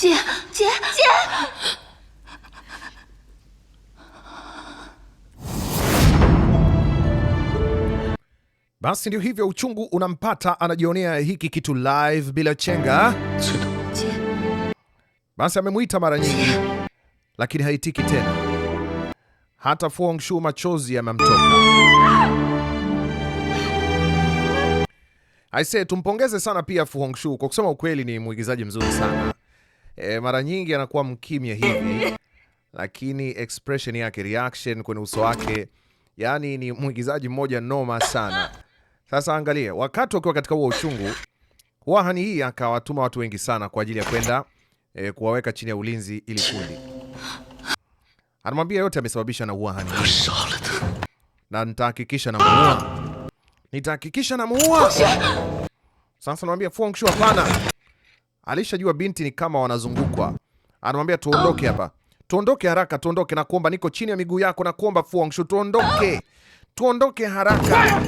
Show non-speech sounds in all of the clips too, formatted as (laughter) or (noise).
姐姐姐！Basi ndio hivyo, uchungu unampata, anajionea hiki kitu live bila chenga. Basi amemwita mara nyingi, lakini haitiki tena. Hata Fu Hongxue machozi yamemtoka. aise tumpongeze sana pia Fu Hongxue, kwa kusema ukweli ni mwigizaji mzuri sana. E, mara nyingi anakuwa mkimya hivi, lakini expression yake, reaction kwenye uso wake, yani ni mwigizaji mmoja noma sana. Sasa angalia, wakati wakiwa katika huo uchungu, wahani hii akawatuma watu wengi sana kwa ajili ya kwenda e, kuwaweka chini ya ulinzi ili kundi. Anamwambia yote amesababisha na wahani na nitahakikisha namuua, nitahakikisha namuua. Sasa anamwambia Fu Hongxue, hapana Alishajua binti ni kama wanazungukwa, anamwambia tuondoke hapa, tuondoke haraka, tuondoke na kuomba, niko chini ya miguu yako na kuomba Fu Hongxue, tuondoke, tuondoke haraka.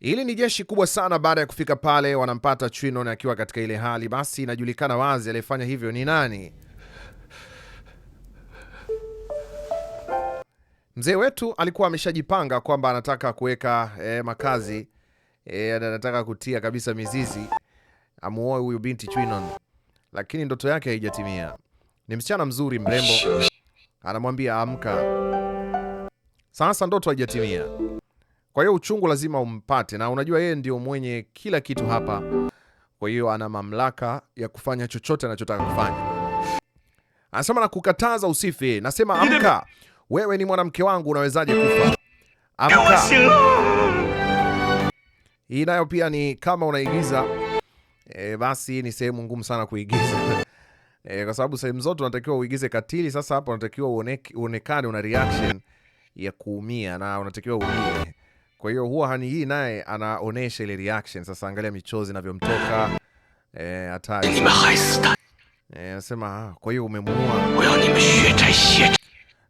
Hili ni jeshi kubwa sana. Baada ya kufika pale, wanampata Chinon akiwa katika ile hali, basi inajulikana wazi aliyefanya hivyo ni nani. Mzee wetu alikuwa ameshajipanga kwamba anataka kuweka eh, makazi e, anataka kutia kabisa mizizi amuoe huyu binti Chwinon, lakini ndoto yake haijatimia. Ni msichana mzuri mrembo, anamwambia amka sasa, ndoto haijatimia. Kwa hiyo uchungu lazima umpate, na unajua yeye ndio mwenye kila kitu hapa, kwa hiyo ana mamlaka ya kufanya chochote anachotaka kufanya. Anasema na kukataza usife, nasema amka, wewe ni mwanamke wangu, unawezaje kufa? Amka. Hii nayo pia ni kama unaigiza e, basi ni sehemu ngumu sana kuigiza (laughs) e, kwa sababu sehemu zote unatakiwa uigize katili. Sasa hapa unatakiwa uonekane una reaction ya kuumia na unatakiwa ulie. Kwa hiyo huwa hani hii naye anaonesha ile reaction. Sasa angalia michozi inavyomtoka eh, hatari eh, anasema ah, kwa hiyo umemuua,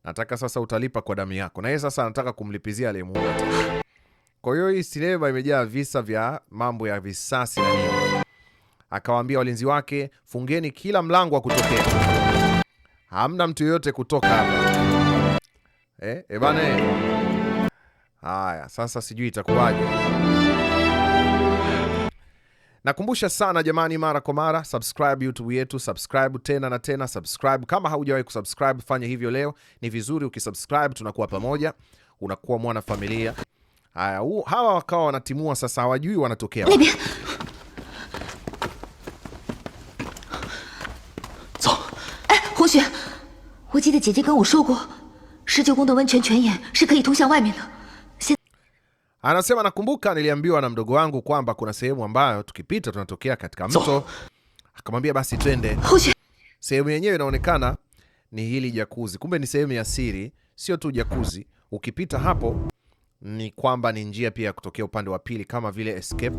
nataka sasa utalipa kwa damu yako, na yeye sasa anataka kumlipizia aliyemuua. Kwa hiyo hii sinema imejaa visa vya mambo ya visasi na nini. Akawaambia walinzi wake, fungeni kila mlango wa kutokea, hamna mtu yoyote kutoka hapa. Eh, ebane. Eh, eh. Haya, sasa sijui itakuwaje. Nakumbusha sana jamani, mara kwa mara subscribe YouTube yetu, subscribe tena na tena, subscribe kama haujawahi kusubscribe, fanya hivyo leo. Ni vizuri ukisubscribe, tunakuwa pamoja, unakuwa mwana familia. Haya, hawa wakawa wanatimua sasa, hawajui wanatokea eh, Anasema nakumbuka niliambiwa na mdogo wangu kwamba kuna sehemu ambayo tukipita tunatokea katika mto. Akamwambia basi twende. Sehemu yenyewe inaonekana ni hili jakuzi, kumbe ni sehemu ya siri, sio tu jakuzi. Ukipita hapo ni kwamba ni njia pia ya kutokea upande wa pili kama vile escape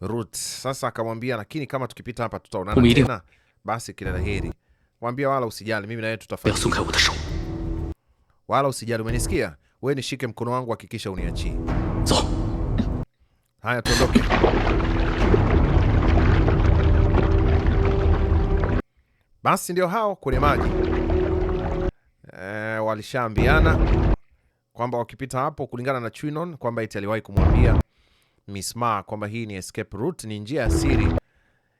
route. Sasa akamwambia, lakini kama tukipita hapa tutaonana tena, basi kila la heri. Mwambia wala usijali, mimi na wewe tutafanya. Wala usijali, umenisikia? Wewe nishike mkono wangu, hakikisha uniachii. Haya, tuondoke. Basi ndio hao kwenye maji e, walishaambiana kwamba wakipita hapo, kulingana na Chinon kwamba eti aliwahi kumwambia Miss Ma kwamba hii ni escape route, ni njia ya siri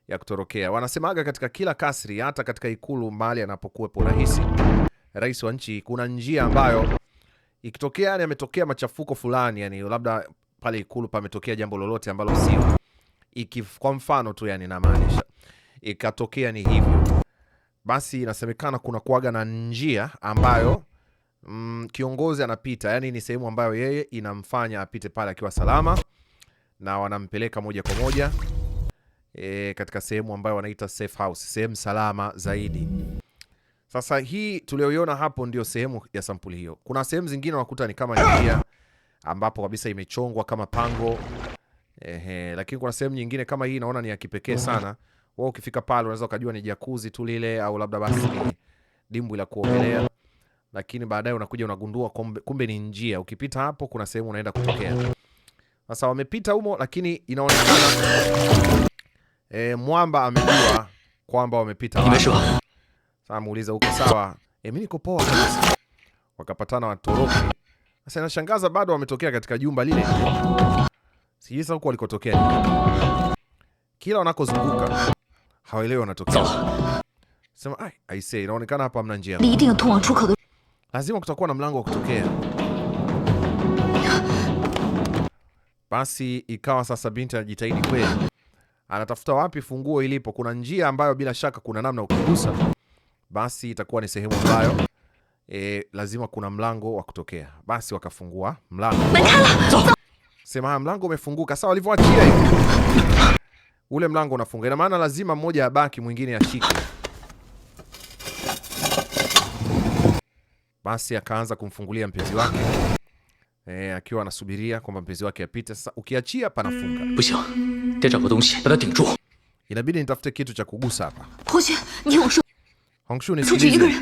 ya kutorokea. Wanasemaga katika kila kasri, hata katika ikulu mahali anapokuwepo rahisi rais wa nchi, kuna njia ambayo ikitokea yani ametokea machafuko fulani, yani labda pale ikulu pametokea jambo lolote ambalo sio kwa mfano tu yani, namaanisha ikatokea ni hivyo basi, inasemekana kuna kuaga na njia ambayo mm, kiongozi anapita, yani ni sehemu ambayo yeye inamfanya apite pale akiwa salama, na wanampeleka moja kwa moja e, katika sehemu ambayo wanaita safe house, sehemu salama zaidi. Sasa hii tulioiona hapo ndio sehemu ya sampuli hiyo. Kuna sehemu zingine unakuta ni kama njia ambapo kabisa imechongwa kama pango ehe, lakini kuna sehemu nyingine kama hii naona ni ya kipekee mm-hmm. sana. Wewe ukifika pale unaweza ukajua ni jacuzzi tu lile, au labda basi dimbwi la kuogelea lakini baadaye unakuja unagundua kumbe, kumbe ni njia. Ukipita hapo kuna sehemu unaenda kutokea. Sasa wamepita humo, lakini inaonekana e, mwamba amejua kwamba wamepita Sasa muuliza huko sawa, e, mimi niko poa kabisa. Wakapatana watoroki. Sasa inashangaza bado wametokea katika jumba lile, sijui sasa huko walikotokea. Kila wanakozunguka hawaelewi wanatokea. Sema ai, aisee, inaonekana hapa hamna njia lazima kutakuwa na mlango wa kutokea. Basi ikawa sasa binti anajitahidi kweli, anatafuta wapi funguo ilipo. Kuna njia ambayo bila shaka kuna namna ukigusa, basi itakuwa ni sehemu ambayo e, lazima kuna mlango wa kutokea. Basi wakafungua mlango, sema mlango umefunguka. Sawa, walivyoachia ule mlango unafunga, ina maana lazima mmoja abaki, mwingine ashike Basi akaanza kumfungulia mpenzi wake e, akiwa anasubiria kwamba mpenzi wake apite. Sasa ukiachia panafunga, inabidi nitafute kitu cha kugusa hapa. Hongshu, nisikilize,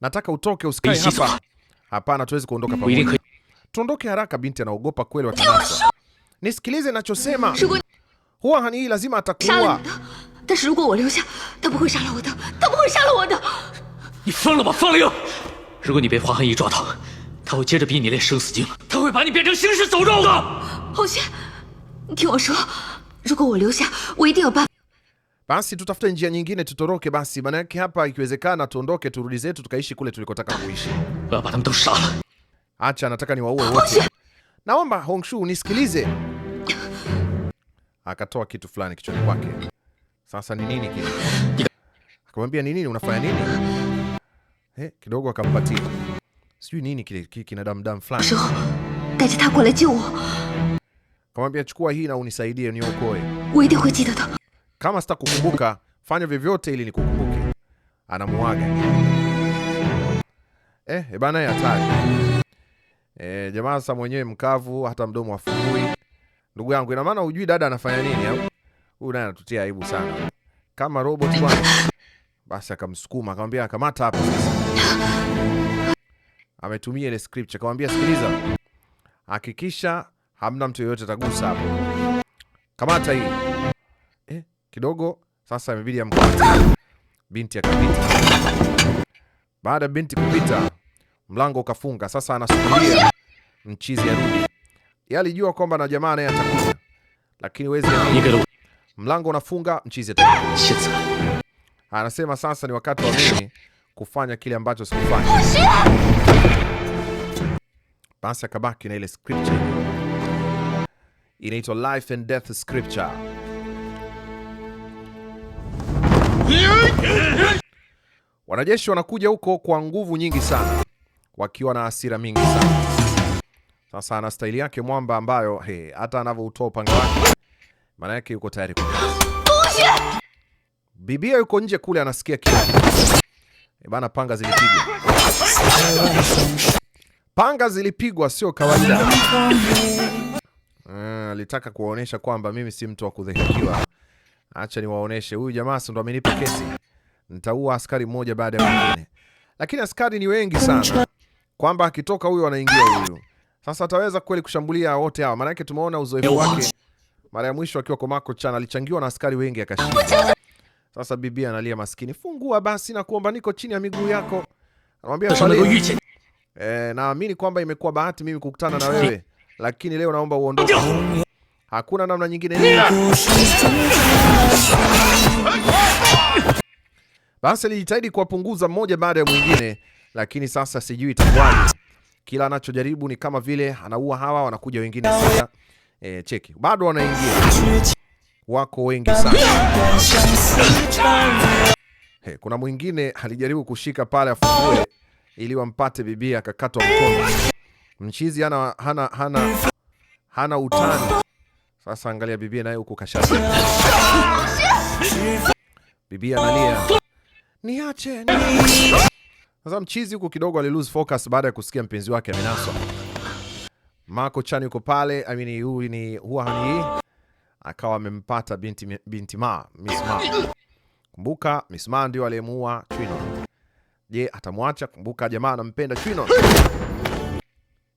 nataka utoke, usikae hapa. Hapana, tuwezi kuondoka pamoja, tuondoke haraka. Binti anaogopa kweli. Watanasa, nisikilize nachosema. Huwa hani hii lazima atakuwa 你疯了吧，方玲！如果你被华寒一抓到，他会接着逼你练生死经，他会把你变成行尸走肉的。侯仙，你听我说，如果我留下，我一定有办法。Basi tutafute njia nyingine tutoroke. Basi maana yake hapa, ikiwezekana tuondoke, turudi zetu tukaishi kule tulikotaka kuishi. Acha, nataka niwaue wote. Naomba Hongshu nisikilize. Akatoa kitu fulani kichwani kwake. Sasa ni nini kile? Akamwambia ni nini, unafanya nini? eh, kidogo akampatia sijui nini kile kina damdam fulani, kamwambia chukua hii na unisaidie niokoe, kama sitakukumbuka fanya vyovyote ili nikukumbuke. Anamuaga eh, ebana eh, ya hatari eh, jamaa sa mwenyewe mkavu, hata mdomo afungui. Ndugu yangu, ina maana hujui dada anafanya nini au? Huyu naye anatutia aibu sana kama robot bwana. Basi akamsukuma akamwambia, kamata hapa sasa Ametumia ile script, akamwambia sikiliza, hakikisha hamna mtu yoyote atagusa hapo, kamata hii eh, kidogo sasa imebidi amkamate binti. Akapita. Baada ya binti kupita, mlango ukafunga. Sasa anasubiria mchizi arudi. Yalijua kwamba na jamaa naye atakuja, lakini wezi mlango unafunga, mchizi atakuja. Anasema sasa ni wakati wa mimi kufanya kile ambacho sikufanya. Oh, Basi akabaki na ile scripture inaitwa life and death scripture. Wanajeshi wanakuja huko kwa nguvu nyingi sana, wakiwa na hasira mingi sana. Sasa ana staili yake mwamba ambayo hey, hata anavyoutoa upanga wake, maana yake yuko tayari. Oh, Bibia yuko nje kule, anasikia kila E bana, panga zilipigwa, panga zilipigwa, sio kawaida. Ah, alitaka kuwaonesha kwamba mimi si mtu wa kudhihakiwa. Acha niwaoneshe, huyu jamaa ndo amenipa kesi, nitaua askari mmoja baada ya mwingine. Lakini askari ni wengi sana, kwamba akitoka huyu anaingia huyu. Sasa ataweza kweli kushambulia wote hawa? Maanake tumeona uzoefu wake mara ya mwisho akiwa kwa Komako Chan, alichangiwa na askari wengi akashinda. Sasa bibi analia maskini, fungua basi na kuomba, niko chini ya miguu yako. Anamwambia eh, naamini kwamba imekuwa bahati mimi kukutana na wewe, lakini leo naomba uondoke, hakuna namna nyingine. Basi alijitahidi kuwapunguza mmoja baada ya mwingine, lakini sasa sijui itakuwaje. Kila anachojaribu ni kama vile anaua hawa, wanakuja wengine sasa. E, eh, cheki bado wanaingia wako wengi sana. Hey, kuna mwingine alijaribu kushika pale afungue ili wampate bibi, akakatwa mkono. Mchizi hana, hana, hana, hana utani. Sasa angalia bibi naye huko kashati. Bibi analia. Niache. Sasa mchizi huko kidogo ali lose focus baada ya kusikia mpenzi wake amenaswa. Mako Chan yuko pale, I mean huyu ni huwa hani akawa amempata binti, binti Ma, Miss Ma. Kumbuka Miss Ma ndio aliyemuua Chino. Je, atamwacha? Kumbuka jamaa anampenda Chino.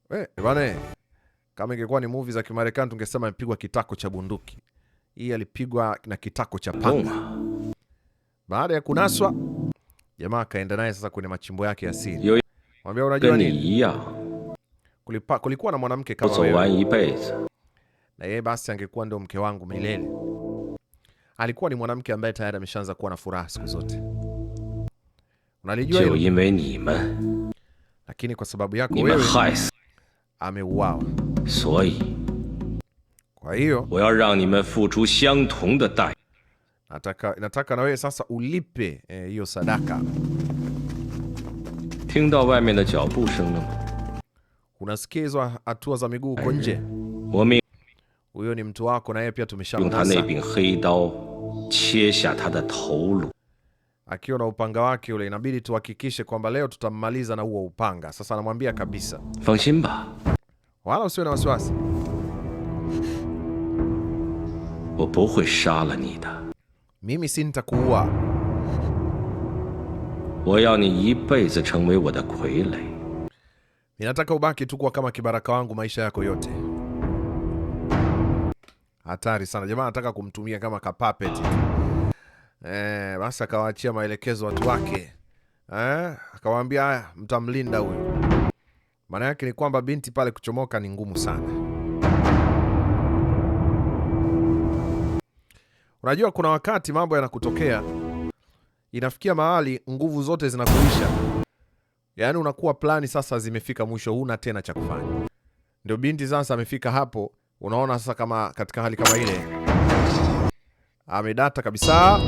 We, eh, bwana, Kama ingekuwa ni movie za Kimarekani tungesema amepigwa kitako cha bunduki. Hii alipigwa na kitako cha panga. Baada ya kunaswa, jamaa akaenda naye sasa kwenye machimbo yake ya siri. Mwambia unajua nini? Kulipa, Kulikuwa na mwanamke kama wewe na yeye basi angekuwa ndio mke wangu milele. Alikuwa ni mwanamke ambaye tayari ameshaanza kuwa na furaha siku zote, unalijua hilo, lakini kwa sababu yako wewe ameuawa. Kwa hiyo nataka, nataka na wewe sasa ulipe eh, hiyo eh, sadaka. Unasikia hizo hatua za miguu huko nje? huyo ni mtu wako, na yeye pia tumeshamnasa akiwa na upanga wake ule, inabidi tuhakikishe kwamba leo tutammaliza na huo upanga. Sasa anamwambia kabisa, wala usiwe na wasiwasi, mimi si nitakuua, ninataka ubaki tu kuwa kama kibaraka wangu maisha yako yote hatari sana. Jamaa anataka kumtumia kama kapapeti eh, basi akawaachia maelekezo watu wake eh, akawaambia haya, mtamlinda huyu. Maana yake ni kwamba binti pale kuchomoka ni ngumu sana. Unajua, kuna wakati mambo yanakutokea, inafikia mahali nguvu zote zinakuisha, yaani unakuwa plani sasa zimefika mwisho, huna tena cha kufanya. Ndio binti sasa amefika hapo Unaona sasa kama katika hali kama ile amedata kabisa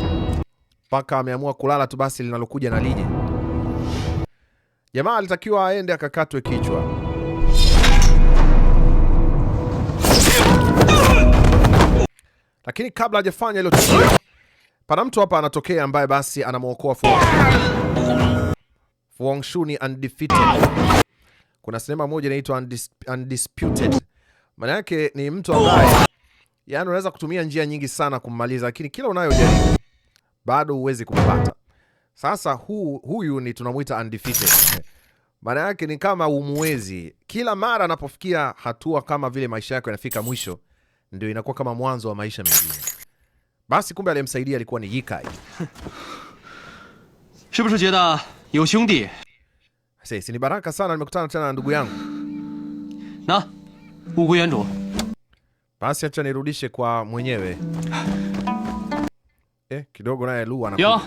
mpaka ameamua kulala tu, basi linalokuja na lije. Jamaa alitakiwa aende akakatwe kichwa. Lakini kabla hajafanya hilo pana mtu hapa anatokea ambaye basi anamwokoa Fu Hongxue. Ni undefeated. Kuna sinema moja inaitwa Undis Undisputed maana yake ni mtu ambaye yani unaweza kutumia njia nyingi sana kummaliza, lakini kila unayojaribu bado huwezi kumpata. Sasa hu, huyu ni tunamuita undefeated. Maana yake ni kama umwezi, kila mara anapofikia hatua kama vile maisha yako yanafika mwisho, ndio inakuwa kama mwanzo wa maisha mengine. Basi kumbe aliyemsaidia alikuwa ni Yikai. Ni baraka sana nimekutana tena na ndugu yangu na basi acha nirudishe kwa mwenyewe. Eh, kidogo naye Lu ana. Yo.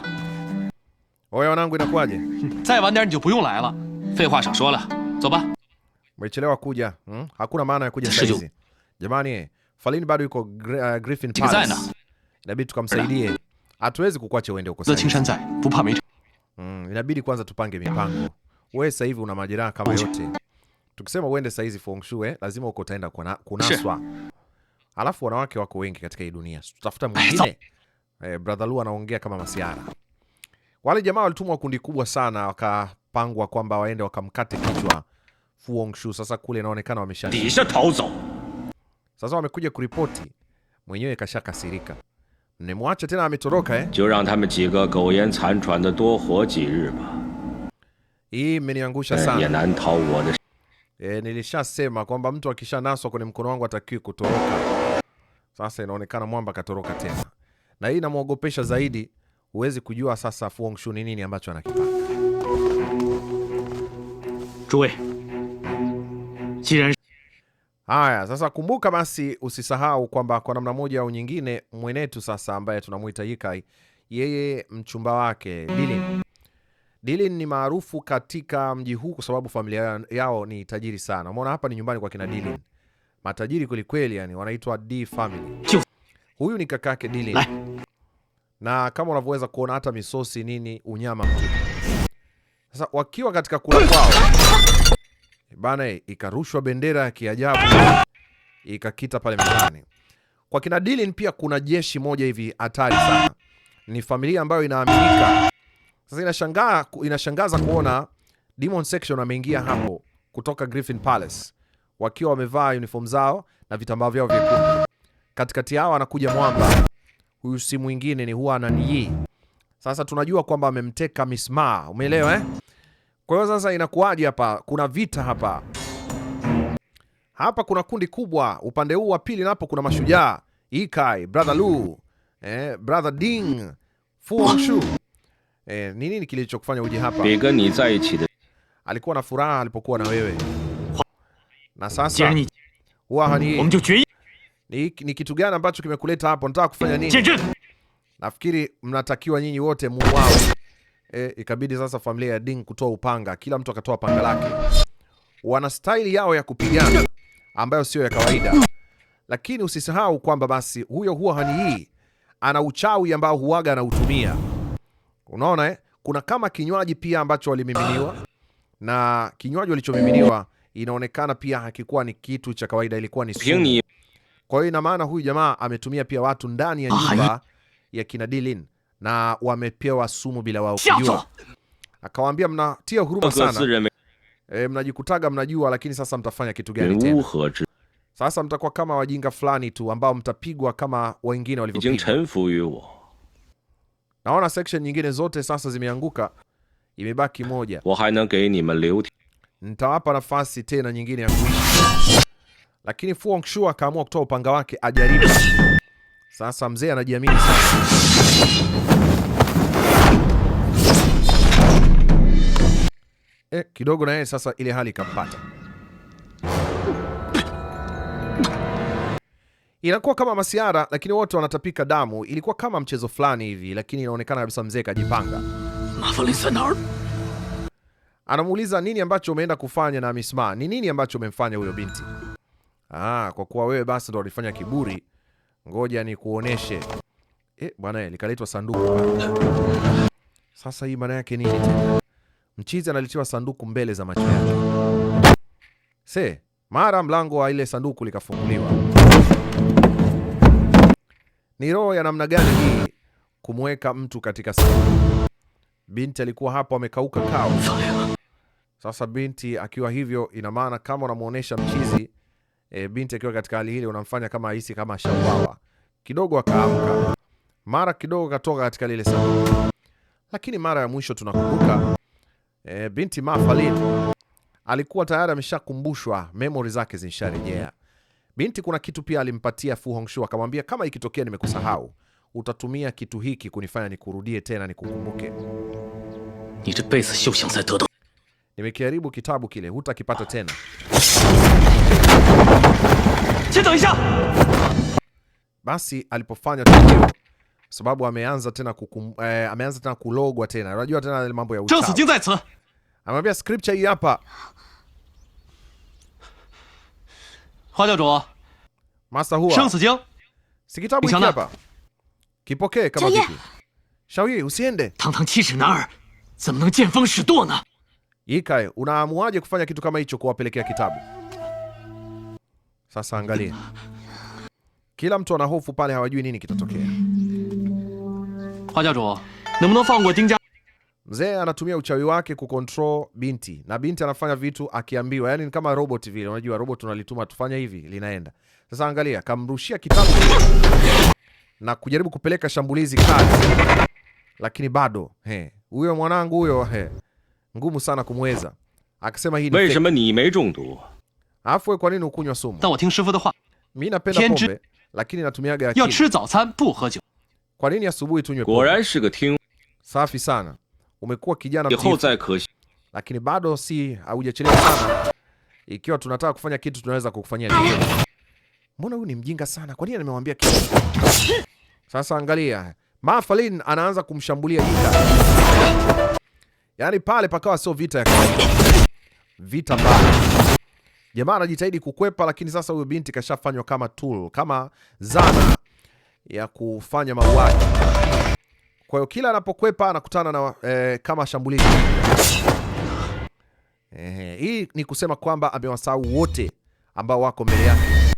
Oya wanangu inakuwaje? Sai wan dian ni jiu bu lai la. Fei hua shao shuo le. Zou ba. Umechelewa kuja. Hmm? Hakuna maana ya kuja sasa hizi. Jamani, Falin bado yuko uh, Griffin Palace. Inabidi tukamsaidie. Hatuwezi kukuacha uende huko sasa. Mm, inabidi kwanza tupange mipango. Wewe sasa hivi una majeraha kama yote tukisema uende saizi feng eh, lazima uko utaenda kunaswa. Alafu wanawake wako wengi katika hii dunia, tutafuta (laughs) mwingine eh. Brother Lu anaongea kama masiara. Wale jamaa walitumwa kundi kubwa sana, wakapangwa kwamba waende wakamkate kichwa Fu Hongxue. Sasa kule inaonekana wamesha sasa, wamekuja kuripoti, mwenyewe kasha kasirika, Nimwache tena ametoroka eh? Hii imeniangusha sana. E, nilishasema kwamba mtu akishanaswa kwenye mkono wangu atakiwi kutoroka. Sasa inaonekana mwamba katoroka tena, na hii inamwogopesha zaidi. Huwezi kujua sasa Fu Hongxue ni nini ambacho anakipanga. Haya, sasa kumbuka basi, usisahau kwamba kwa namna moja au nyingine mwenetu sasa ambaye tunamuita Ye Kai, yeye mchumba wake Bilin Dilin ni maarufu katika mji huu kwa sababu familia yao ni tajiri sana. Umeona hapa ni nyumbani kwa kina Dilin. Matajiri kweli kweli yani, wanaitwa D family. Huyu ni kakake Dilin. Na kama unavyoweza kuona hata misosi nini unyama mtupu. Sasa wakiwa katika kula kwao bana, ikarushwa bendera ya kiajabu ikakita pale mtaani. Kwa kina Dilin pia kuna jeshi moja hivi hatari sana. Ni familia ambayo inaaminika sasa inashangaa, inashangaza kuona Demon Section ameingia hapo kutoka Griffin Palace wakiwa wamevaa uniform zao na vitambaa vyao vyekundu. Katikati yao anakuja mwamba huyu, si mwingine ni huwa ananiyi. Sasa tunajua kwamba amemteka Misma, umeelewa eh? Kwa hiyo sasa inakuwaje hapa? Kuna vita hapa hapa, kuna kundi kubwa upande huu wa pili, napo kuna mashujaa Ikai, brother Lu, eh, brother Ding Fu Hongxue Eh, ni nini kilichokufanya uje hapa? Alikuwa na furaha alipokuwa na wewe. Na sasa huwa hani. ni ni kitu gani ambacho kimekuleta hapo? Nataka kufanya nini? Nafikiri mnatakiwa nyinyi wote muwao. Eh, ikabidi sasa familia ya Ding kutoa upanga, kila mtu akatoa panga lake. Wana staili yao ya kupigana ambayo sio ya kawaida, lakini usisahau kwamba basi huyo huwa hani hii ana uchawi ambao huaga anautumia. Unaona eh? Kuna kama kinywaji pia ambacho walimiminiwa na kinywaji walichomiminiwa inaonekana pia hakikuwa ni kitu cha kawaida, ilikuwa ni sumu. Kwa hiyo ina maana huyu jamaa ametumia pia watu ndani ya ah, nyumba ya kina Dilin na wamepewa sumu bila wao kujua. Akawaambia mnatia huruma sana. E, mnajikutaga mnajua, lakini sasa mtafanya kitu gani tena? Sasa mtakuwa kama wajinga fulani tu ambao mtapigwa kama wengine walivyopigwa. Naona section nyingine zote sasa zimeanguka, imebaki moja. Nitawapa nafasi tena nyingine ya kuishi, lakini Fu Hongxue akaamua kutoa upanga wake ajaribu. Sasa mzee anajiamini sana. Eh, kidogo na yeye sasa ile hali ikampata. inakuwa kama masiara, lakini wote wanatapika damu. Ilikuwa kama mchezo fulani hivi, lakini inaonekana kabisa mzee kajipanga. Anamuuliza nini ambacho umeenda kufanya na Misma, ni nini ambacho umemfanya huyo binti? Ah, kwa kuwa wewe basi ndo ulifanya kiburi, ngoja ni kuoneshe. Eh, bwana likaletwa sanduku. Sasa hii maana yake nini tena? Mchizi analetiwa sanduku mbele za macho yake. Se, mara mlango wa ile sanduku likafunguliwa. Ni roho ya namna gani hii kumweka mtu katika sabuni? Binti alikuwa hapo amekauka kao. Sasa binti akiwa hivyo, ina maana kama unamuonesha mchizi e, binti akiwa katika hali ile unamfanya kama ahisi kama ashauawa. Kidogo akaamka, mara kidogo katoka katika lile sabuni. Lakini mara ya mwisho tunakumbuka e, binti Mafalin alikuwa tayari ameshakumbushwa, memory zake zinsharejea. Binti kuna kitu pia alimpatia Fu Hongxue akamwambia, kama ikitokea nimekusahau utatumia kitu hiki kunifanya nikurudie tena nikukumbuke. Nimekiharibu kitabu kile, hutakipata tena. Basi alipofanya tukio, sababu ameanza tena kukum, eh, ameanza tena kulogwa tena, unajua tena mambo ya uchawi. Amwambia scripture hii hapa 花教主，Master Hua, Shang, 生死经，sikitabu unaamuaje kufanya kitu kama hicho, kuwapelekea kitabu? Sasa angalia, kila mtu ana hofu pale, hawajui nini kitatokea. 花教主，能不能放过丁家 Mzee anatumia uchawi wake kucontrol binti na binti anafanya vitu akiambiwa, yani ni kama robot vile. Unajua robot unalituma tufanya hivi, linaenda. Sasa angalia, kamrushia kitabu na kujaribu kupeleka shambulizi kati, lakini bado he, huyo mwanangu huyo, he, ngumu sana kumweza. Akasema hii ni ni afu, kwa nini ukunywa sumu? shifu Mimi napenda pombe lakini natumiaga akili. Kwa nini asubuhi tunywe pombe? Safi sana umekuwa kijana mtiifu, lakini bado si haujachelewa sana. Ikiwa tunataka kufanya kitu tunaweza kukufanyia. Mbona huyu ni mjinga sana? Kwa nini nimemwambia kitu? Sasa angalia, Ma Fangling anaanza kumshambulia Yuta. Yaani pale pakawa sio vita ya kawaida. Vita mbaya. Jamaa anajitahidi kukwepa, lakini sasa huyo binti kashafanywa kama tool, kama zana ya kufanya mauaji. Kwa hiyo kila anapokwepa anakutana na eh, kama shambulizi. Eh, hii ni kusema kwamba amewasahau wote ambao wako mbele yake,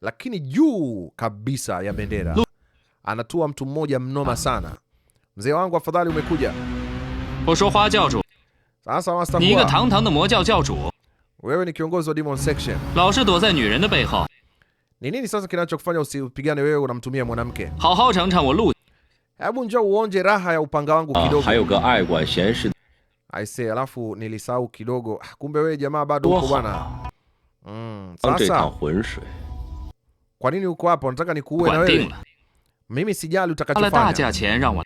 lakini juu kabisa ya bendera anatua mtu mmoja mnoma sana. Mzee wangu afadhali umekuja sasa, wewe ni kiongozi wa Demon Section. Ni nini sasa kinachokufanya usipigane? Wewe unamtumia mwanamke Hao hao lu. Hebu njoo uonje raha ya upanga wangu ah, kidogo. Aise, alafu nilisahau kidogo, ah, kumbe wewe jamaa bado uko bwana. Mm, sasa kwa nini uko hapo? Nataka nikuue na wewe. Mimi sijali utakachofanya.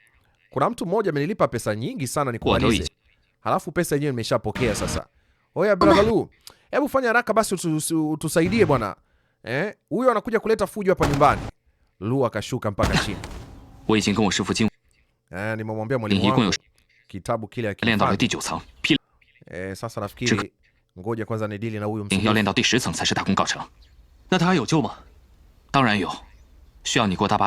Kuna mtu mmoja amenilipa pesa nyingi sana nikualize, halafu pesa yenyewe nimeshapokea sasa. Oya Bravalu, hebu fanya haraka basi utusaidie bwana. Eh, huyo anakuja kuleta fujo hapa nyumbani. Lu akashuka mpaka chini. 我已经跟我师父金，您一共有，练到了第九层，只，您要练到第十层才是大功告成。那他还有救吗？当然有，需要你给我搭把手。